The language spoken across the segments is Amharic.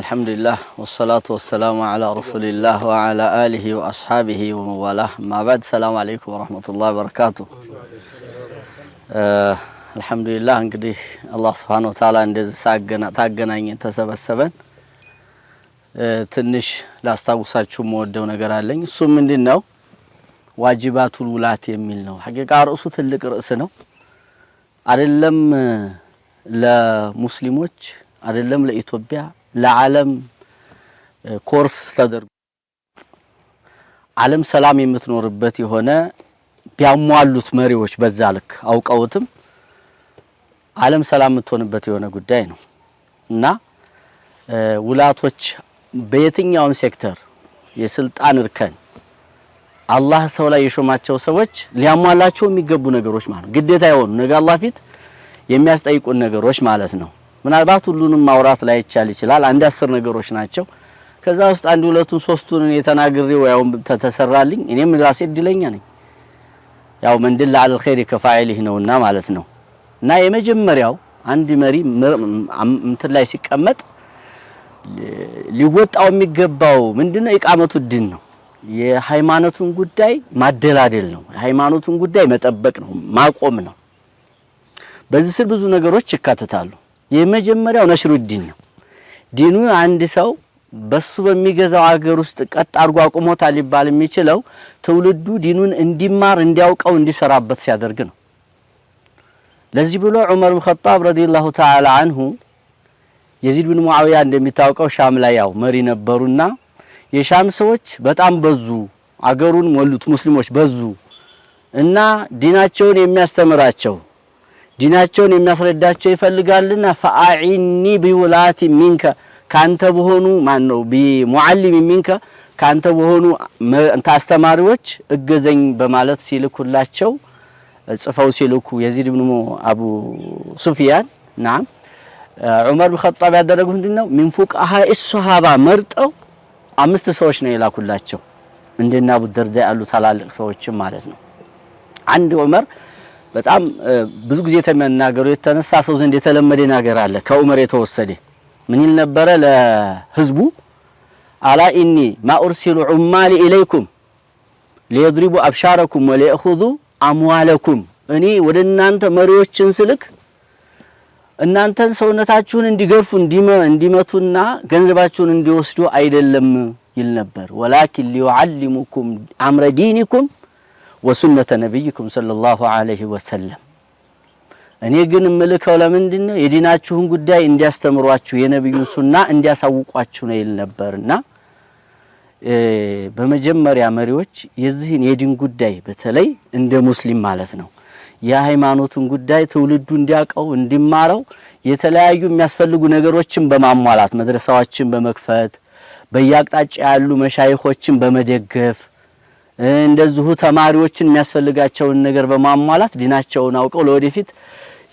አልሐምዱሊላህ ወሰላቱ ወሰላሙ አላ ረሱሊላህ ወአላ አሊሂ ወአስሓቢሂ ወመዋላህ ማባድ። ሰላም አለይኩም ወረህመቱላህ በረካቱ። አልሐምዱሊላህ እንግዲህ አላህ ስብሓነሁ ወተዓላ እንደዚህ ታገናኘን ተሰበሰበን። ትንሽ ላስታውሳችሁ መወደው ነገር አለኝ። እሱ ምንድን ነው? ዋጅባቱል ውላት የሚል ነው። ሐቂቃ ርዕሱ ትልቅ ርዕስ ነው አይደለም ለሙስሊሞች አይደለም ለኢትዮጵያ ለዓለም ኮርስ ተደርጎ ዓለም ሰላም የምትኖርበት የሆነ ቢያሟሉት መሪዎች በዛ ልክ አውቀውትም ዓለም ሰላም የምትሆንበት የሆነ ጉዳይ ነው እና ውላቶች በየትኛውም ሴክተር የስልጣን እርከን አላህ ሰው ላይ የሾማቸው ሰዎች ሊያሟላቸው የሚገቡ ነገሮች ማለት ነው። ግዴታ የሆኑ ነገ አላህ ፊት የሚያስጠይቁን ነገሮች ማለት ነው። ምናልባት ሁሉንም ማውራት ላይቻል ይችላል። አንድ አስር ነገሮች ናቸው። ከዛ ውስጥ አንድ ሁለቱን ሶስቱን እኔ ተናግሬው ያው ተተሰራልኝ። እኔም ራሴ እድለኛ ነኝ። ያው መን ደለ ዐለ አልኸይር ከፋዒሊህ ነውና ማለት ነው። እና የመጀመሪያው አንድ መሪ እንትን ላይ ሲቀመጥ ሊወጣው የሚገባው ምንድነው? ኢቃመቱ ዲን ነው። የሃይማኖቱን ጉዳይ ማደላደል ነው። የሃይማኖቱን ጉዳይ መጠበቅ ነው፣ ማቆም ነው። በዚህ ስር ብዙ ነገሮች ይካተታሉ። የመጀመሪያው ነሽሩዲን ነው። ዲኑ አንድ ሰው በሱ በሚገዛው ሀገር ውስጥ ቀጥ አድርጎ አቁሞታል ሊባል የሚችለው ትውልዱ ዲኑን እንዲማር፣ እንዲያውቀው፣ እንዲሰራበት ሲያደርግ ነው። ለዚህ ብሎ ዑመር ብን ኸጣብ ረዲየላሁ ተዓላ አንሁ የዚድ ብን ሙዓዊያ እንደሚታወቀው ሻም ላይ ያው መሪ ነበሩና የሻም ሰዎች በጣም በዙ፣ አገሩን ሞሉት፣ ሙስሊሞች በዙ እና ዲናቸውን የሚያስተምራቸው ዲናቸውን የሚያስረዳቸው ይፈልጋልና ፈአዒኒ ቢውላቲ ሚንከ ካንተ በሆኑ ማን ነው ቢሙዓሊም ሚንከ ካንተ በሆኑ አስተማሪዎች እገዘኝ በማለት ሲልኩላቸው ጽፈው ሲልኩ የዚድ ብኑ አቡ ሱፊያን ናም ዑመር ብን ኸጣብ ያደረጉት ምንድነው? ሚን ፉቃሃ ሱሃባ መርጠው አምስት ሰዎች ነው የላኩላቸው እንደና አቡ ደርዳ ያሉ ታላልቅ ሰዎችም ማለት ነው። አንድ ዑመር በጣም ብዙ ጊዜ ተመናገሩ የተነሳ ሰው ዘንድ የተለመደ ነገር አለ። ከዑመር የተወሰደ ምን ይል ነበረ ለህዝቡ አላ ኢኒ ማ ኡርሲሉ ዑማሊ ኢለይኩም ሊየድሪቡ አብሻረኩም ወሊያኹዙ አምዋለኩም እኔ ወደ እናንተ መሪዎችን ስልክ እናንተን ሰውነታችሁን እንዲገርፉ እንዲመቱና ገንዘባችሁን እንዲወስዱ አይደለም ይል ነበር። ወላኪን ሊዩዓሊሙኩም አምረ ዲኒኩም ወሱነተ ነቢይኩም ሰለላሁ ዐለይሂ ወሰለም። እኔ ግን ምልከው ለምንድን ነው የዲናችሁን ጉዳይ እንዲያስተምሯችሁ የነቢዩን ሱና እንዲያሳውቋችሁ ነው ይል ነበርና በመጀመሪያ መሪዎች የዚህን የዲን ጉዳይ በተለይ እንደ ሙስሊም ማለት ነው የሃይማኖቱን ጉዳይ ትውልዱ እንዲያውቀው እንዲማረው የተለያዩ የሚያስፈልጉ ነገሮችን በማሟላት መድረሳዎችን በመክፈት በየአቅጣጫ ያሉ መሻይኾችን በመደገፍ እንደዚሁ ተማሪዎችን የሚያስፈልጋቸውን ነገር በማሟላት ዲናቸውን አውቀው ለወደፊት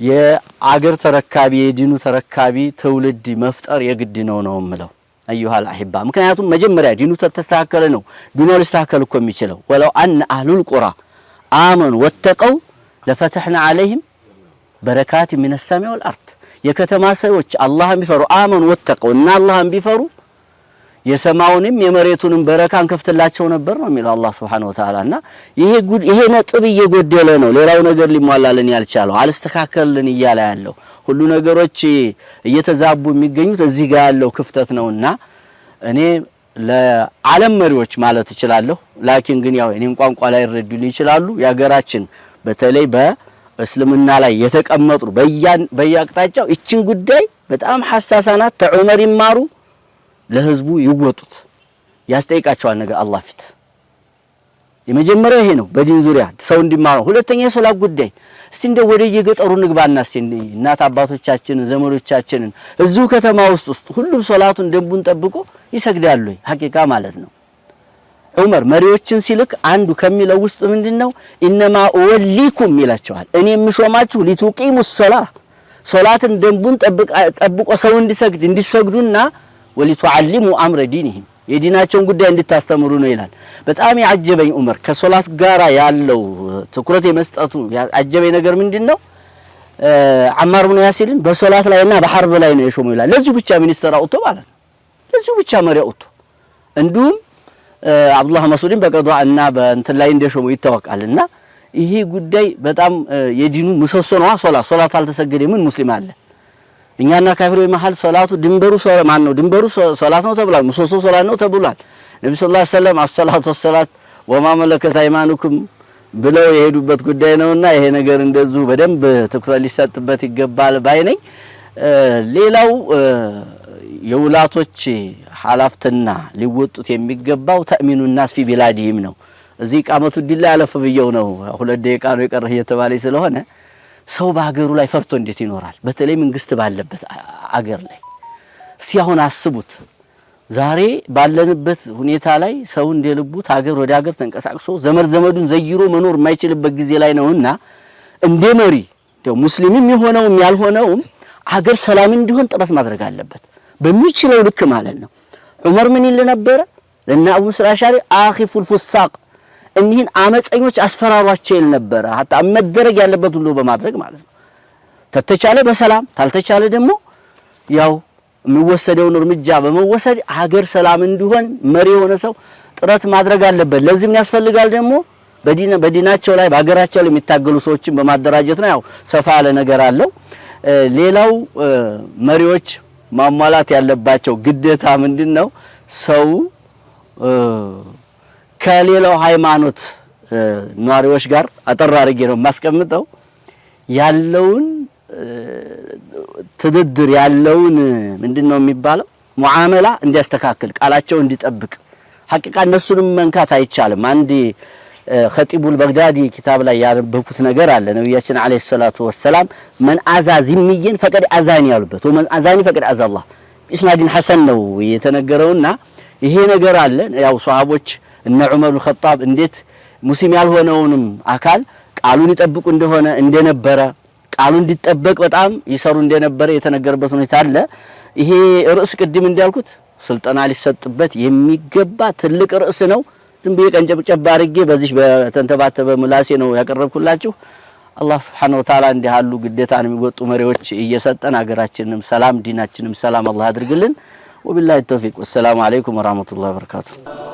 የአገር ተረካቢ የዲኑ ተረካቢ ትውልድ መፍጠር የግድ ነው ነው የምለው አዩሃል አሂባ። ምክንያቱም መጀመሪያ ዲኑ ተስተካከለ ነው ዲኑ ሊስተካከል እኮ የሚችለው ወለው አን አህሉል ቁራ አመኑ ወተቀው ለፈተሕና አለይህም በረካት ሚነሰማኢ ወል አርድ የከተማ ሰዎች አላህን ቢፈሩ አመኑ ወተቀው እና አላህን ቢፈሩ የሰማውንም የመሬቱንም በረካ እንከፍትላቸው ነበር ነው የሚለው አላህ Subhanahu Wa Ta'ala። እና ይሄ ጉድ ይሄ ነጥብ እየጎደለ ነው። ሌላው ነገር ሊሟላልን ያልቻለው አልስተካከልልን እያለ ያለው ሁሉ ነገሮች እየተዛቡ የሚገኙት እዚህ ጋር ያለው ክፍተት ነውና እኔ ለዓለም መሪዎች ማለት እችላለሁ። ላኪን ግን ያው እኔን ቋንቋ ላይ ይረዱልኝ ይችላሉ። የሀገራችን በተለይ በእስልምና ላይ የተቀመጡ በየአቅጣጫው ይችን ጉዳይ በጣም ሐሳሳናት ተዑመር ይማሩ ለህዝቡ ይወጡት ያስጠይቃቸዋል። ነገር አላህ ፊት የመጀመሪያው ይሄ ነው፣ በዲን ዙሪያ ሰው እንዲማረው። ሁለተኛ የሶላት ጉዳይ እስቲ እንደ ወደ የገጠሩ ንግባና እስቲ እናት አባቶቻችንን ዘመዶቻችንን እዚሁ ከተማ ውስጥ ውስጥ ሁሉም ሶላቱን ደንቡን ጠብቆ ይሰግዳሉ። ሀቂቃ ማለት ነው። ዑመር መሪዎችን ሲልክ አንዱ ከሚለው ውስጥ ምንድነው ኢነማ ወሊኩም ይላቸዋል። እኔ የምሾማችሁ ሊቱቂሙ ሶላ ሶላትን ደንቡን ጠብቆ ሰው እንዲሰግድ እንዲሰግዱና ወሊቱዓሊሙ አምረ ዲንህም የዲናቸውን ጉዳይ እንድታስተምሩ ነው ይላል። በጣም ያጀበኝ ዑመር ከሶላት ጋራ ያለው ትኩረት የመስጠቱ ያጀበኝ ነገር ምንድን ነው? አማር ብኑ ያሲርን በሶላት ላይና በሐርብ ላይ ነው የሾመው ይላል። ለዚሁ ብቻ ሚኒስተር አውጥቶ ማለት ነው። ለዚሁ ብቻ መሪ አውጥቶ እንዲሁም አብዱላህ መስዑድን በቀዷ እና በእንትን ላይ እንደሾመው ይታወቃል። እና ይሄ ጉዳይ በጣም የዲኑ ምሰሶ ነዋ። ሶላት ሶላት አልተሰገደ ምን ሙስሊም አለ እኛና ካፊሮች መሀል ሶላቱ ድንበሩ ማን ነው? ድንበሩ ሶላት ነው ተብሏል። ምሰሶ ሶላት ነው ተብሏል። ነቢ ስ ላ ሰለም አሰላቱ ወሰላት ወማ መለከት ሃይማኑኩም ብለው የሄዱበት ጉዳይ ነውና ይሄ ነገር እንደዙ በደንብ ትኩረት ሊሰጥበት ይገባል ባይ ነኝ። ሌላው የውላቶች ሀላፍትና ሊወጡት የሚገባው ተእሚኑ ናስ ፊ ቢላዲህም ነው። እዚህ ቃመቱ ዲላ ያለፍ ብየው ነው ሁለት ደቂቃ ነው የቀረህ እየተባለኝ ስለሆነ ሰው በሀገሩ ላይ ፈርቶ እንዴት ይኖራል? በተለይ መንግስት ባለበት አገር ላይ እስቲ አሁን አስቡት። ዛሬ ባለንበት ሁኔታ ላይ ሰው እንደ ልቡ ሀገር ወደ ሀገር ተንቀሳቅሶ ዘመድ ዘመዱን ዘይሮ መኖር የማይችልበት ጊዜ ላይ ነውና እንደ መሪ ሙስሊምም የሆነውም ያልሆነውም አገር ሰላም እንዲሆን ጥረት ማድረግ አለበት በሚችለው ልክ ማለት ነው። ዑመር ምን ይል ነበረ? ለና አቡ ሙሳ አልአሽዓሪ አኺፉል ፉሳቅ እኒህን አመፀኞች አስፈራሯቸው ይል ነበረ። መደረግ ያለበት ሁሉ በማድረግ ማለት ነው። ተተቻለ በሰላም ታልተቻለ ደግሞ ያው የሚወሰደውን እርምጃ በመወሰድ ሀገር ሰላም እንዲሆን መሪ የሆነ ሰው ጥረት ማድረግ አለበት። ለዚህም ያስፈልጋል ደግሞ በዲናቸው ላይ በሀገራቸው ላይ የሚታገሉ ሰዎችን በማደራጀት ነው። ያው ሰፋ ያለ ነገር አለው። ሌላው መሪዎች ማሟላት ያለባቸው ግዴታ ምንድን ነው? ሰው ከሌላው ሃይማኖት ነዋሪዎች ጋር አጠር አድርጌ ነው የማስቀምጠው ያለውን ትድድር ያለውን ምንድን ነው የሚባለው ሙዓመላ እንዲያስተካክል ቃላቸው እንዲጠብቅ ሐቂቃ እነሱንም መንካት አይቻልም። አንድ ኸጢቡል በግዳዲ ኪታብ ላይ ያነበብኩት ነገር አለ። ነቢያችን አለይሂ ሰላቱ ወሰላም መን አዛ ዚምየን ፈቀድ አዛኒ ያሉበት ወመን አዛኒ ፈቀድ አዛላህ ኢስናዲን ሐሰን ነው የተነገረውና ይሄ ነገር አለ ያው ሷሃቦች እነ ዑመር ኸጣብ እንዴት ሙስሊም ያልሆነውንም አካል ቃሉን ይጠብቁ እንደሆነ እንደነበረ ቃሉ እንዲጠበቅ በጣም ይሰሩ እንደነበረ የተነገረበት ሁኔታ አለ። ይሄ ርዕስ ቅድም እንዳልኩት ስልጠና ሊሰጥበት የሚገባ ትልቅ ርዕስ ነው። ዝም ብዬ ቀንጨብጨብ አድርጌ በዚህ በተንተባተበ ምላሴ ነው ያቀረብኩላችሁ። አላህ ሱብሓነሁ ወተዓላ እንዲህ ያሉ ግዴታን የሚወጡ መሪዎች እየሰጠን ሀገራችንም ሰላም ዲናችንም ሰላም አላህ አድርግልን። ወቢላሂ ተውፊቅ። ወሰላሙ አለይኩም ወራህመቱላሂ ወበረካቱሁ።